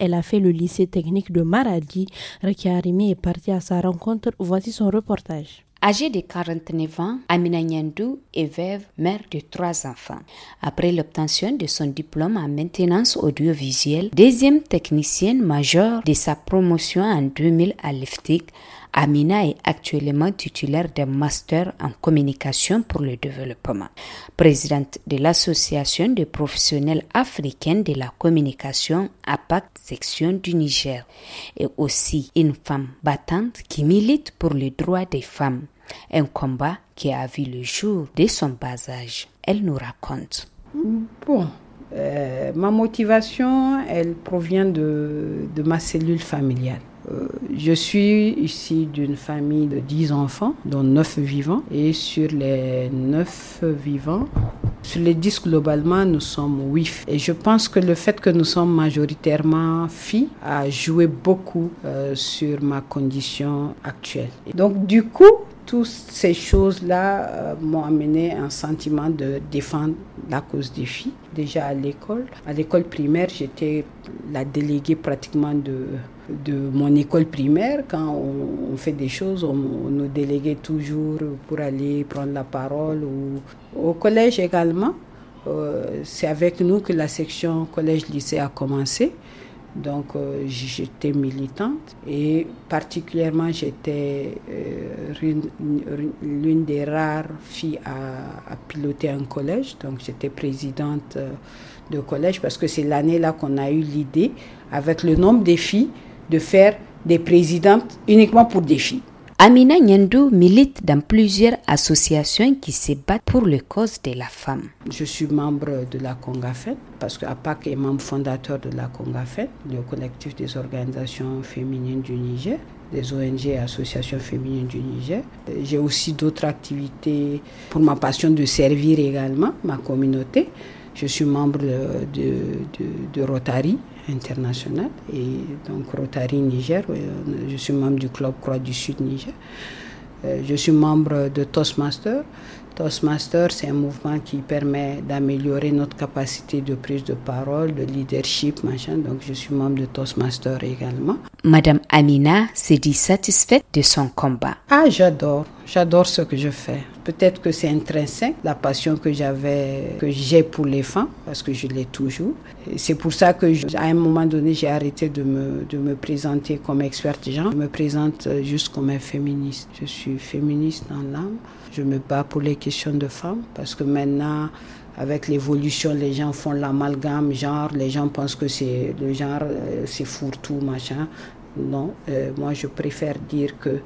elle, a fait le lycée technique de Maradi. Rekia Arimi est partie à sa rencontre. Voici son reportage. Âgée de 49 ans, Amina Nyandou est veuve, mère de trois enfants. Après l'obtention de son diplôme en maintenance audiovisuelle, deuxième technicienne majeure de sa promotion en 2000 à l'EFTIC, Amina est actuellement titulaire d'un master en communication pour le développement. Présidente de l'Association des professionnels africains de la communication APAC section du Niger et aussi une femme battante qui milite pour les droits des femmes. Un combat qui a vu le jour dès son bas âge. Elle nous raconte. Bon, euh, ma motivation, elle provient de ma cellule familiale. Euh, je suis ici d'une famille de 10 enfants, dont 9 vivants. Et sur les 9 vivants, sur les 10 globalement, nous sommes 8. Et je pense que le fait que nous sommes majoritairement filles a joué beaucoup euh, sur ma condition actuelle. donc du coup, toutes ces choses-là euh, m'ont amené un sentiment de défendre la cause des filles. Déjà à l'école, à l'école primaire, j'étais la déléguée pratiquement de de mon école primaire, quand on, fait des choses, on, nous déléguait toujours pour aller prendre la parole. Ou, au collège également, euh, c'est avec nous que la section collège-lycée a commencé. Donc euh, j'étais militante et particulièrement j'étais euh, l'une des rares filles à, à, piloter un collège. Donc j'étais présidente de collège parce que c'est l'année là qu'on a eu l'idée avec le nombre des filles de faire des présidentes uniquement pour des filles. Amina Nyendo milite dans plusieurs associations qui se battent pour les causes de la femme. Je suis membre de la Congafed parce que APAC est membre fondateur de la Congafed, le collectif des organisations féminines du Niger, des ONG et associations féminines du Niger. J'ai aussi d'autres activités pour ma passion de servir également ma communauté. Je suis membre de, de, de Rotary, International Et donc Rotary Niger, euh, je suis membre du club Croix du Sud Niger. Euh, je suis membre de Toastmaster. Toastmaster, c'est un mouvement qui permet d'améliorer notre capacité de prise de parole, de leadership, machin. Donc, je suis membre de Toastmaster également. Madame Amina s'est dit satisfaite de son combat. Ah, j'adore. J'adore ce que je fais. Peut-être que c'est intrinsèque, la passion que j'avais, que j'ai pour les femmes, parce que je l'ai toujours. C'est pour ça que, à un moment donné, j'ai arrêté de me, de me présenter comme experte genre. Je me présente euh, juste comme un féministe. Je suis féministe dans l'âme. Je me bats pour les questions de femmes, parce que maintenant, avec l'évolution, les gens font l'amalgame, genre, les gens pensent que c'est le genre, euh, c'est fourre-tout, machin. Non, euh, moi je préfère dire que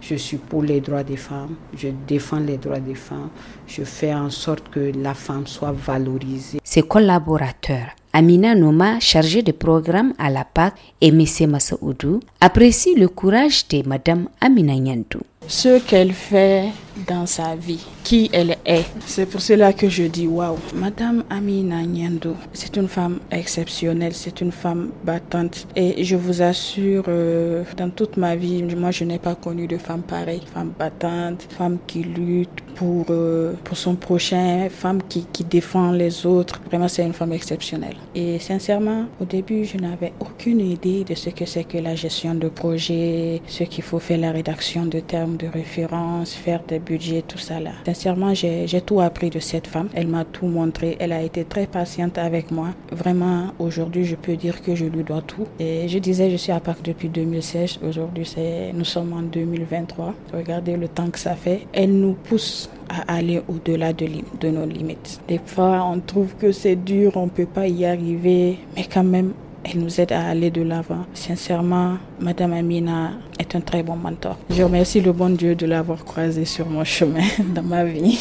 je suis pour les droits des femmes, je défends les droits des femmes, je fais en sorte que la femme soit valorisée. Ses collaborateurs, Amina Noma, chargée de programme à la PAC, et M. Massaoudou, apprécient le courage de Mme Amina Nyandou. Ce qu'elle fait dans sa vie, qui elle est. C'est pour cela que je dis waouh. Madame Amina Nyendo, c'est une femme exceptionnelle, c'est une femme battante. Et je vous assure, euh, dans toute ma vie, moi je n'ai pas connu de femme pareille, femme battante, femme qui lutte pour, euh, pour son prochain, femme qui, qui défend les autres. Vraiment, c'est une femme exceptionnelle. Et sincèrement, au début, je n'avais aucune idée de ce que c'est que la gestion de projet, ce qu'il faut faire, la rédaction de termes de référence, faire des budget, tout ça là. Sincèrement, j'ai tout appris de cette femme. Elle m'a tout montré. Elle a été très patiente avec moi. Vraiment, aujourd'hui, je peux dire que je lui dois tout. Et je disais, je suis à Pâques depuis 2016. Aujourd'hui, c'est nous sommes en 2023. Regardez le temps que ça fait. Elle nous pousse à aller au-delà de, de nos limites. Des fois, on trouve que c'est dur, on ne peut pas y arriver, mais quand même, elle nous aide à aller de l'avant. Sincèrement, Madame Amina est un très bon mentor. Je remercie le bon Dieu de l'avoir croisée sur mon chemin dans ma vie.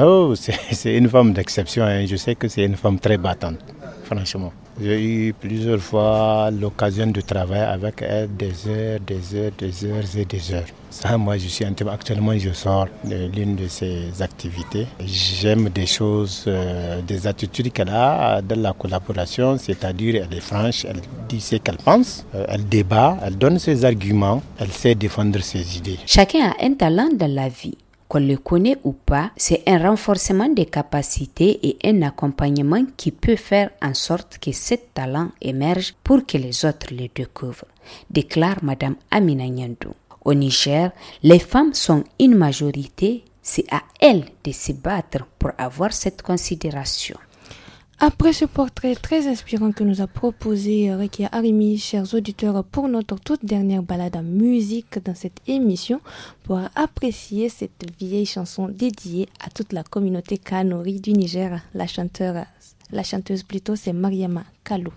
oh, c'est une femme d'exception. Hein. Je sais que c'est une femme très battante, franchement. J'ai eu plusieurs fois l'occasion de travailler avec elle des heures, des heures, des heures et des heures. Ça, moi, je suis actuellement, je sors de l'une de ses activités. J'aime des choses, euh, des attitudes qu'elle a dans la collaboration, c'est-à-dire elle est franche, elle dit ce qu'elle pense, euh, elle débat, elle donne ses arguments, elle sait défendre ses idées. Chacun a un talent dans la vie qu'on le connaît ou pas, c'est un renforcement des capacités et un accompagnement qui peut faire en sorte que ce talent émerge pour que les autres le découvrent, déclare Madame Amina Nyandou. Au Niger, les femmes sont une majorité, c'est à elles de se battre pour avoir cette considération. Après ce portrait très inspirant que nous a proposé euh, Rekia Arimi, chers auditeurs, pour notre toute dernière balade en musique dans cette émission, pour apprécier cette vieille chanson dédiée à toute la communauté kanori du Niger, la chanteuse, la chanteuse plutôt, c'est Mariama Kalou.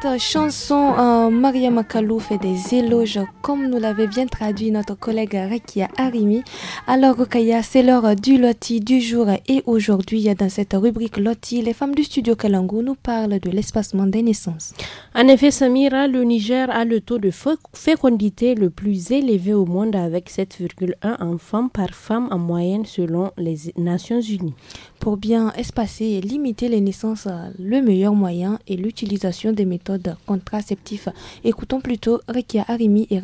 cette chanson, euh, Maria Makalou fait des éloges comme nous l'avait bien traduit notre collègue Rekia Arimi. Alors, Rokaya, c'est l'heure du loti du jour et aujourd'hui, dans cette rubrique loti, les femmes du studio Kalangu nous parlent de l'espacement des naissances. En effet, Samira, le Niger a le taux de fécondité le plus élevé au monde avec 7,1 enfants par femme en moyenne selon les Nations Unies. Pour bien espacer et limiter les naissances, le meilleur moyen est l'utilisation des méthodes contraceptives. Écoutons plutôt Rekia Arimi et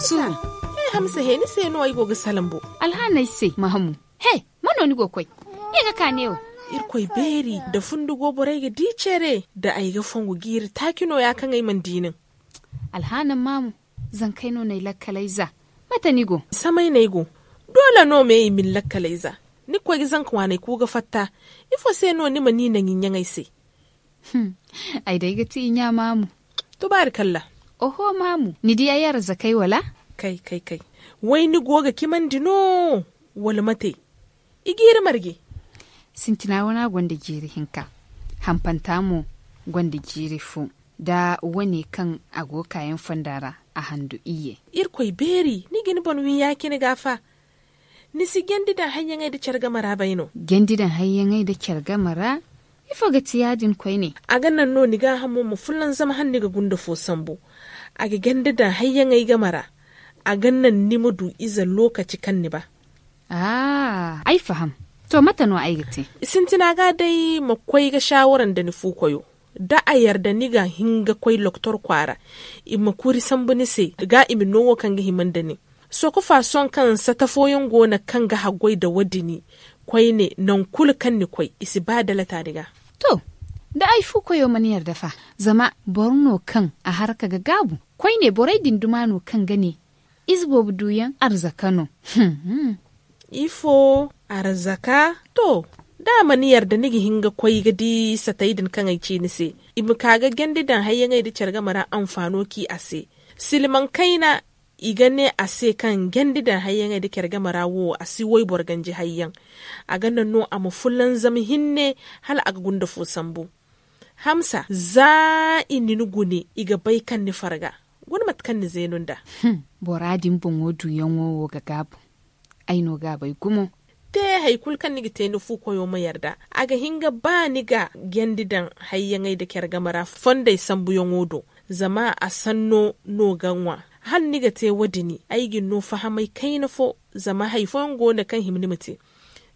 su. Me eh, hamsa he ni se no ay goga salambo alhana ise mahamu he manoni ni gokoi. e ga kaneo irkoy beri da fundugo gobore ga dicere da ay ga fongo gir takino ya kan ay mandinin alhana mamu zan kai no nay lakkalaiza mata nigo samai go. dole no me yi min lakkalaiza ni koi zan kwanai ku ga fatta ifo se no ni manina yin yan ai se hmm ai dai ga ti nya mamu tubarkalla Oho mamu, ni diya yara zakai wala? Kai kai kai, wai ni goga kiman dino wal mate. Igiri marge. Sintina wana gwanda jiri hinka, hampanta mu gwanda jiri fu, da wani kan kayan fandara a handu iye. Irkwai beri, ni gini bonwin yaki ni gafa. Nisi gendidan hanyar ai da kyarga mara baino. Gendidan hanyar ai da kyarga mara? Ifa ga tiyadin kwai ne. A gannan no ni ga hamu mu fullan zama hannu ga gunda sambo. ga genda da hayyan ai gamara a gannan ni mudu iza lokaci kan ni ba ah ai faham to mata no ai gite tina ga dai makwai ga shawaran da ni fu koyo da a yarda ni ga hinga kwai loktor kwara ima kuri sambuni se ga imi nowo kan ga himan da ni so ku fason kan satafoyin gona kan ga hagwai da wadini kwai ne nan kul kan ni kwai isi ba da latariga to da ai koyo maniyar dafa zama borno kan a harka ga gabu kwai ne borai dindumano kan gane izbo duyan arzakano hmm, hmm. ifo arzaka to da maniyar da nigi hinga kwai di sataidin kan aice ni se imu kaga gendidan ngai ai dicar mara amfano ki ase silman kaina igane ase kan gendidan ngai ai dicar mara wo asi wai borganji hayyan a ganan no amu fullan zam hinne hal aga gunda fo hamsa za ne iga bai kan ni farga wani matkan ni zenun da hmm, boradin bon yan wowo ga gabu aino ga bai gumo te haikul kan ni gite ni fuko ma yarda aga hinga ba ni ga gendidan hayyangai da kyar gamara fonda sambu yon wodo zama a sanno no ganwa han ni ga te ni, aigin no fahamai kai na fo zama haifon gona kan himni mutu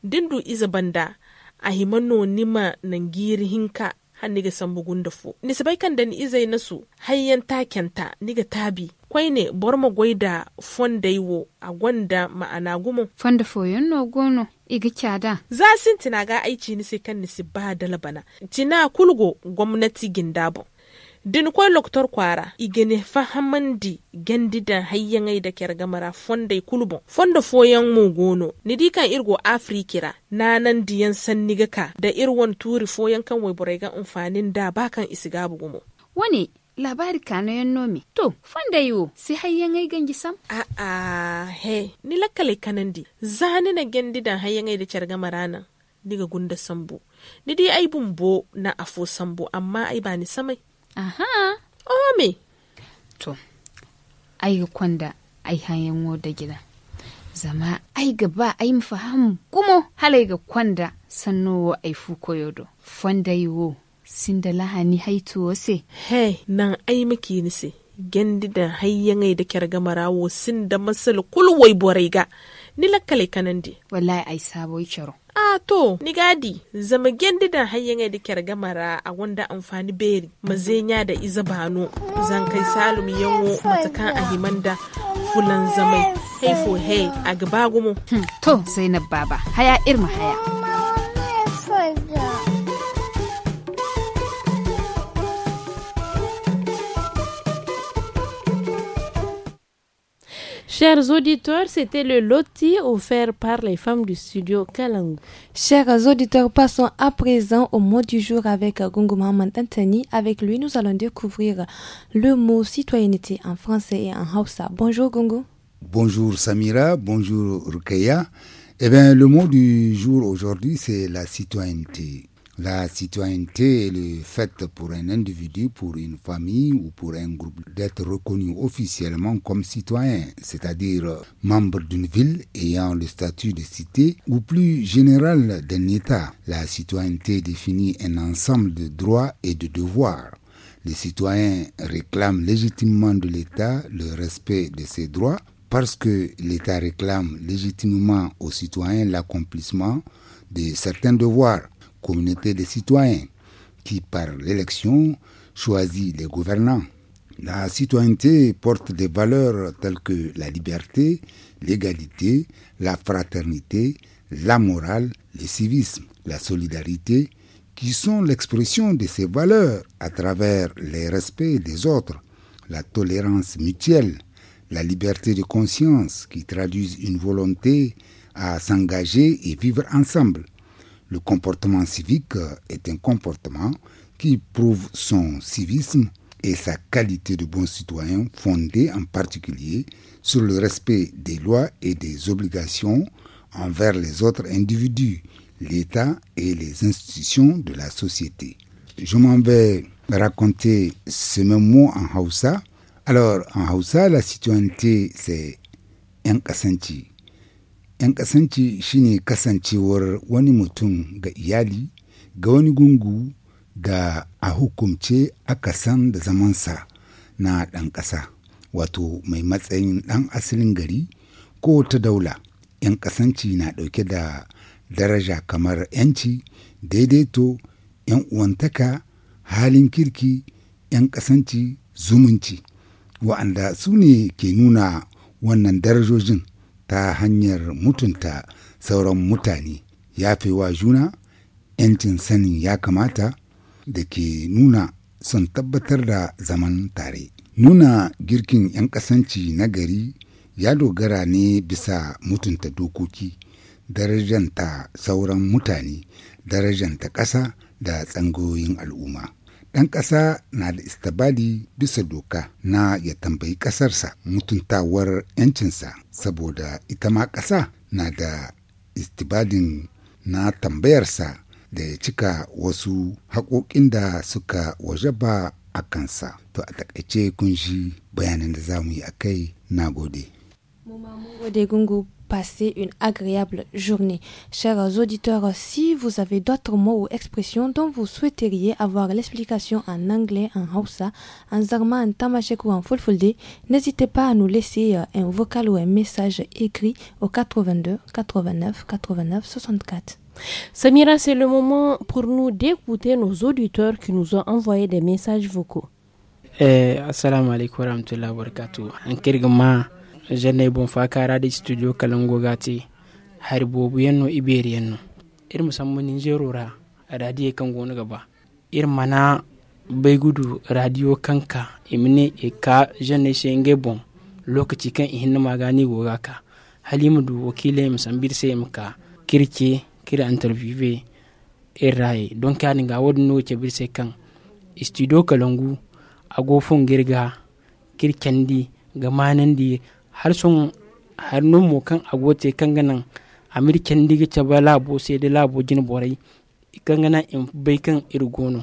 dindu iza banda a himanno nima nangiri hinka an niga san bugun da ni sibai kan da ni izai na nasu hayyan takenta niga tabi kwai ne bor ma gwai da fondaiwo a gwanda ma'ana gumo fonda foyon no gono iga kyada za sin tina ga aici ni sai kan ni si ba dalabana tina kulgo gwamnati gindabo din koy loktor kwara igene fahamandi gendida hayyangai da kergamara fonda kulubon fonda foyan mu gono ni dikan irgo afrikira nanan diyan sanniga ka da irwan turi foyan kan wai buraiga amfanin da bakan isiga wani labari kano yan nomi to fonda yiwo si hayyangai gangi sam a a he ni lakkale kanandi zani na gendidan hayyangai da kergamara nan diga gunda sambo ni dai ai bumbo na afo sambo amma ai ba ni samai Aha. Oh me? To, ai kwanda ai hayan wo da gida. Zama ai ba ai fahamu kuma halai ga kwanda sannowa ai fu koyodo. Fonda yi wo, sinda lahani haitu wase. he nan ai maki nise. gendi da hayyan da kyar gamara wo sin da masal kulwai borai ga ni lakkale kanandi. Wallahi ai sabo charo a to ni gadi zama gendidan hanyar da kyar gamara a wanda amfani beri mazenya da izabano zan kai salum yanwo matakan ahiman da fulan zamai haifo hey a gaba gumo hmm, to zainab baba haya irma haya Chers auditeurs, c'était le loti offert par les femmes du studio Kalang. Chers auditeurs, passons à présent au mot du jour avec Gungu Mohamed Avec lui, nous allons découvrir le mot citoyenneté en français et en Hausa. Bonjour Gungu. Bonjour Samira, bonjour Rukeya. Eh bien, le mot du jour aujourd'hui, c'est la citoyenneté. La citoyenneté est le fait pour un individu, pour une famille ou pour un groupe d'être reconnu officiellement comme citoyen, c'est-à-dire membre d'une ville ayant le statut de cité ou plus général d'un État. La citoyenneté définit un ensemble de droits et de devoirs. Les citoyens réclament légitimement de l'État le respect de ces droits parce que l'État réclame légitimement aux citoyens l'accomplissement de certains devoirs communauté des citoyens, qui par l'élection choisit les gouvernants. La citoyenneté porte des valeurs telles que la liberté, l'égalité, la fraternité, la morale, le civisme, la solidarité, qui sont l'expression de ces valeurs à travers les respects des autres, la tolérance mutuelle, la liberté de conscience qui traduisent une volonté à s'engager et vivre ensemble, le comportement civique est un comportement qui prouve son civisme et sa qualité de bon citoyen fondée en particulier sur le respect des lois et des obligations envers les autres individus, l'État et les institutions de la société. Je m'en vais raconter ce même mot en Hausa. Alors, en Hausa, la citoyenneté, c'est un kasanti. 'yan shi ne kasancewar wani mutum ga iyali ga wani gungu ga a hukumce aka san da zamansa na ɗan ƙasa wato mai matsayin ɗan asalin gari ko ta daula 'yan kasance na ɗauke da daraja kamar 'yanci daidaito 'yan uwantaka halin kirki 'yan kasance zumunci wa'anda su ne ke nuna wannan darajojin ta hanyar mutunta sauran mutane wa juna 'yancin sanin ya kamata da ke nuna son tabbatar da zaman tare nuna girkin 'yan kasanci na gari ya dogara ne bisa mutunta dokoki darajanta sauran mutane darajanta ƙasa da tsangoyin al'umma ɗan ƙasa na da istabali bisa doka na ya tambayi ƙasarsa mutuntawar 'yancinsa saboda ita ma ƙasa na da istibalin na tambayarsa da ya cika wasu haƙoƙin da suka wajaba a kansa. To a takaice kun shi bayanin da za mu yi a kai na gode. passer une agréable journée. Chers auditeurs, si vous avez d'autres mots ou expressions dont vous souhaiteriez avoir l'explication en anglais, en Hausa, en Zarma, en Tamashek ou en Fulfulde, n'hésitez pas à nous laisser euh, un vocal ou un message écrit au 82 89 89 64. Samira, c'est le moment pour nous d'écouter nos auditeurs qui nous ont envoyé des messages vocaux. Eh, janai bon ka da studio kalango gati har bobu yanno iberi yanno ir musamman rora ra radiye kan gona gaba ir mana bai gudu radio kanka imine e, e ka janai shenge bon lokaci kan ihinna e magani goga ka halimu du wakile musambir sai muka kirke kira interviewe ir rai don ka ninga wadin no ke birse kan studio kalangu agofon girga kirkendi ga di har sun hannun mu kan agote kan ganan amirken diga ta ba labo sai da labo jin borai kan gana in bai kan irgono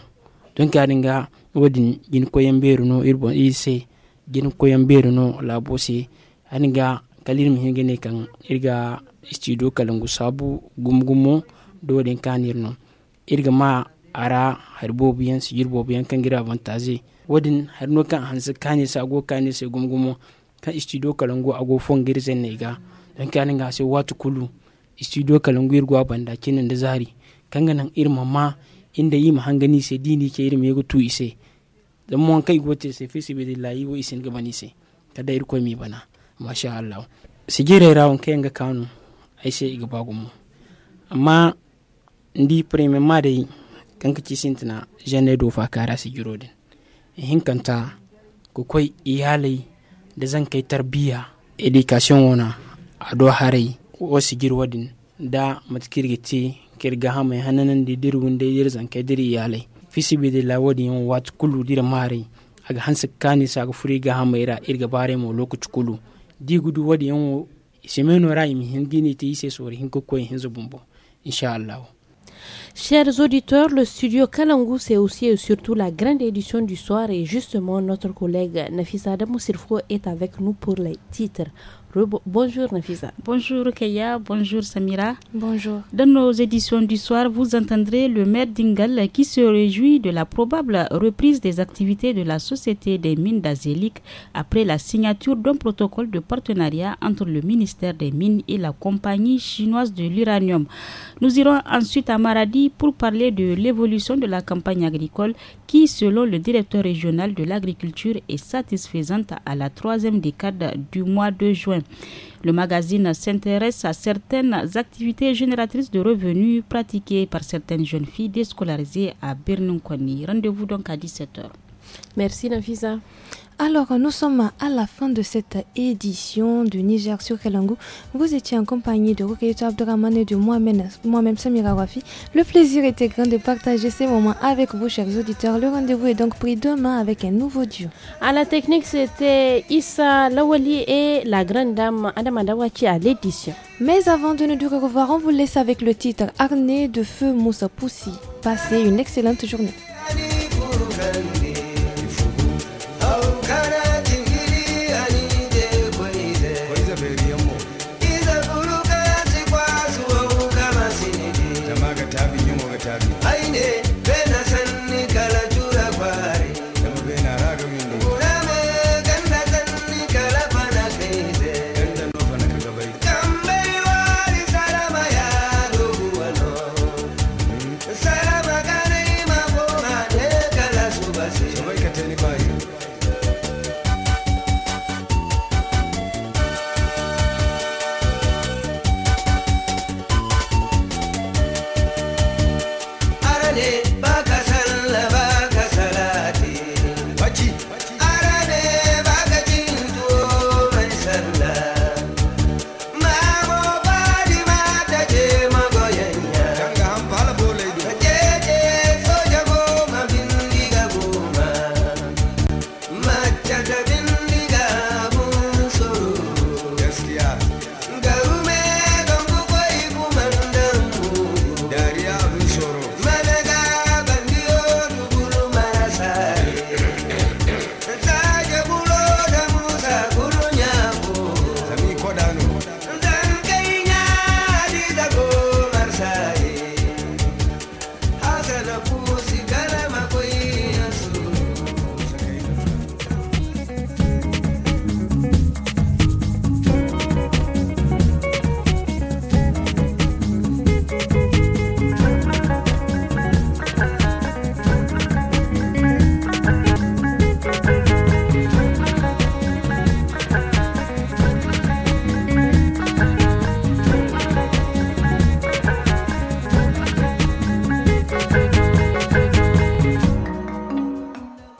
don ka dinga wadin gin koyan beru no irbon ise gin koyan beru no labo sai ga kalir mi hingene kan irga studio kalangu sabu gumgumo do den kanir no irga ma ara harbo biyan sigir bo biyan kan gira avantage wadin harno kan hansa sa go sai gumgumo kan istido kalangu ago fongir zen nega dan kanin ga sai watu kulu istido kalangu irgwa banda kinin da zari kanga nan irma ma inda yi ma hangani sai dini ke irma yego tu ise dan mon kai gote sai fisi bi lillahi wo isin ga mani sai da irko mi bana masha Allah sigire rawon kai ga kanu ai sai iga bagumu amma ndi premier ma dai kanka ci sintina jane do fa kara sigiro din hinkanta ko kai iyalai da zan kai tarbiya education wana a do harai o sigir wadin da matkirgiti kirga hama ya hananan da dir wanda dir zan kai dir iyalai fisibi da lawadi yan wat kulu dir mare aga hansa kani sa ga furi ga hama ira irga bare mo lokaci kulu di gudu wadi yan semeno rai mi hin gini ti ise sori hin ko ko hin zubumbo insha Allah Chers auditeurs, le studio Kalangou, c'est aussi et surtout la grande édition du soir et justement notre collègue Nafisa Adamou est avec nous pour les titres. Bonjour Nafisa. Bonjour Keïa, bonjour Samira. Bonjour. Dans nos éditions du soir, vous entendrez le maire d'Ingal qui se réjouit de la probable reprise des activités de la Société des mines d'Azélique après la signature d'un protocole de partenariat entre le ministère des Mines et la compagnie chinoise de l'uranium. Nous irons ensuite à Maradi pour parler de l'évolution de la campagne agricole qui, selon le directeur régional de l'agriculture, est satisfaisante à la troisième décade du mois de juin. Le magazine s'intéresse à certaines activités génératrices de revenus pratiquées par certaines jeunes filles déscolarisées à Bernoukwani. Rendez-vous donc à 17h. Merci Nafisa. Alors, nous sommes à la fin de cette édition du Niger sur Kelango. Vous étiez en compagnie de Roketo Abdurrahman et de moi-même, Samira Wafi. Le plaisir était grand de partager ces moments avec vous, chers auditeurs. Le rendez-vous est donc pris demain avec un nouveau duo. À la technique, c'était Issa Lawali et la grande dame Adama Dawachi à l'édition. Mais avant de nous dire au revoir, on vous laisse avec le titre Arnée de feu Moussa Poussi. Passez une excellente journée.